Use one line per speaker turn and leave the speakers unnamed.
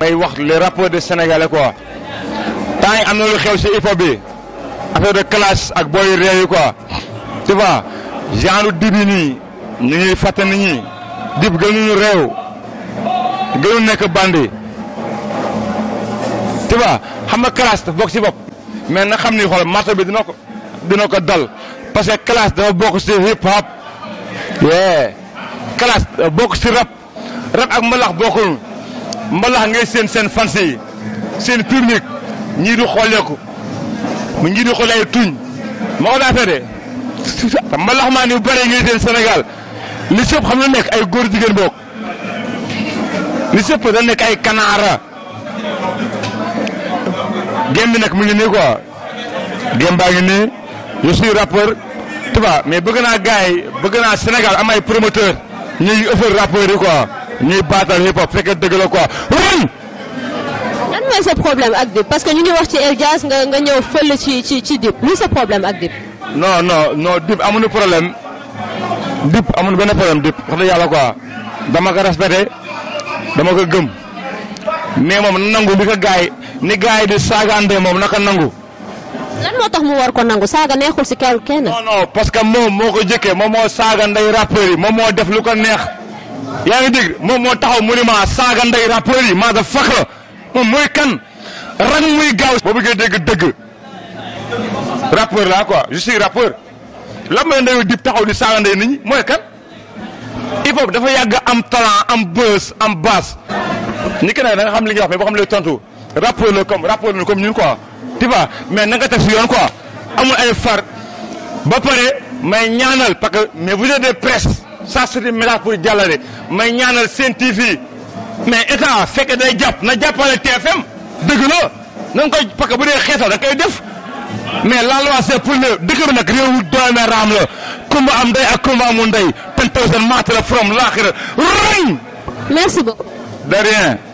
may wax les rappeurs de sénégalais quoi temps yi am na lu bi affaire de classe ak booy réew yi quoi tu vois genre dibi nii ñu ngi fàtte nit ñi dib gënuñu réew gënu nekk bandi tu vois xam nga classe dafa bokk si bopp mais na xam ni xool marto bi dina ko dina ko dal parce que classe dafa bokk si hip hop. yee classe bokk si rap rap ak mbalax bokkul. mbalax nga seen seen fanse yi seen public ñii di xooleeku mu ñii di xoole ay tuñ ma ko daafee de mbalax maa ni bu bëree ngay seen Sénégal li xam na nekk ay góor jigéen boog li sëpp da nekk ay kanaara gém bi mu ngi ko quoi gém baa ngi nii je suis rappeur tuba mais bëgg naa gars yi bëgg naa Sénégal am ay promoteur ñuy ëffal rappeur yi ñuy batal hip hop fekkee deug la quoi run lan moy sa problème ak dip parce que ñu ni wax ci El Jazz nga nga ñew feul ci ci ci dip lu sa problème ak dip non non non dip amuñu problème dip amuñu ben problème dip wax yalla quoi dama ko respecté dama ko gëm mais mom nangu bi ko gaay ni gaay di saagaande mom naka nangu lan motax mu war ko nangu saga neexul si kenn. non non parce que mom moko ko mom mo saga ndey rapper yi mom mo def lu ko neex. en dégg moom moo taxaw mu ma saaga ndey rappeur yi da mooy kan rappeur quoi je suis rappeur La taxaw ndey kan. hip hop dafa am talent am buzz am bass. suis ki xam li nga wax mais rappeur comme rappeur comme quoi tu vois mais na nga quoi amul ay ba parce que mais vous êtes des presse. ça c'est un message pour jàllale may ñaanal Sen TV mais état fekk day jàpp na jàppale TFM dëgg la na nga koy parce que bu dee xeetal da koy def mais la loi c'est pour le dëkk bi nag réewu doome raam la kumba am ndey ak kumba amul ndey ten thousand maata la from laaxira rëñ merci beaucoup de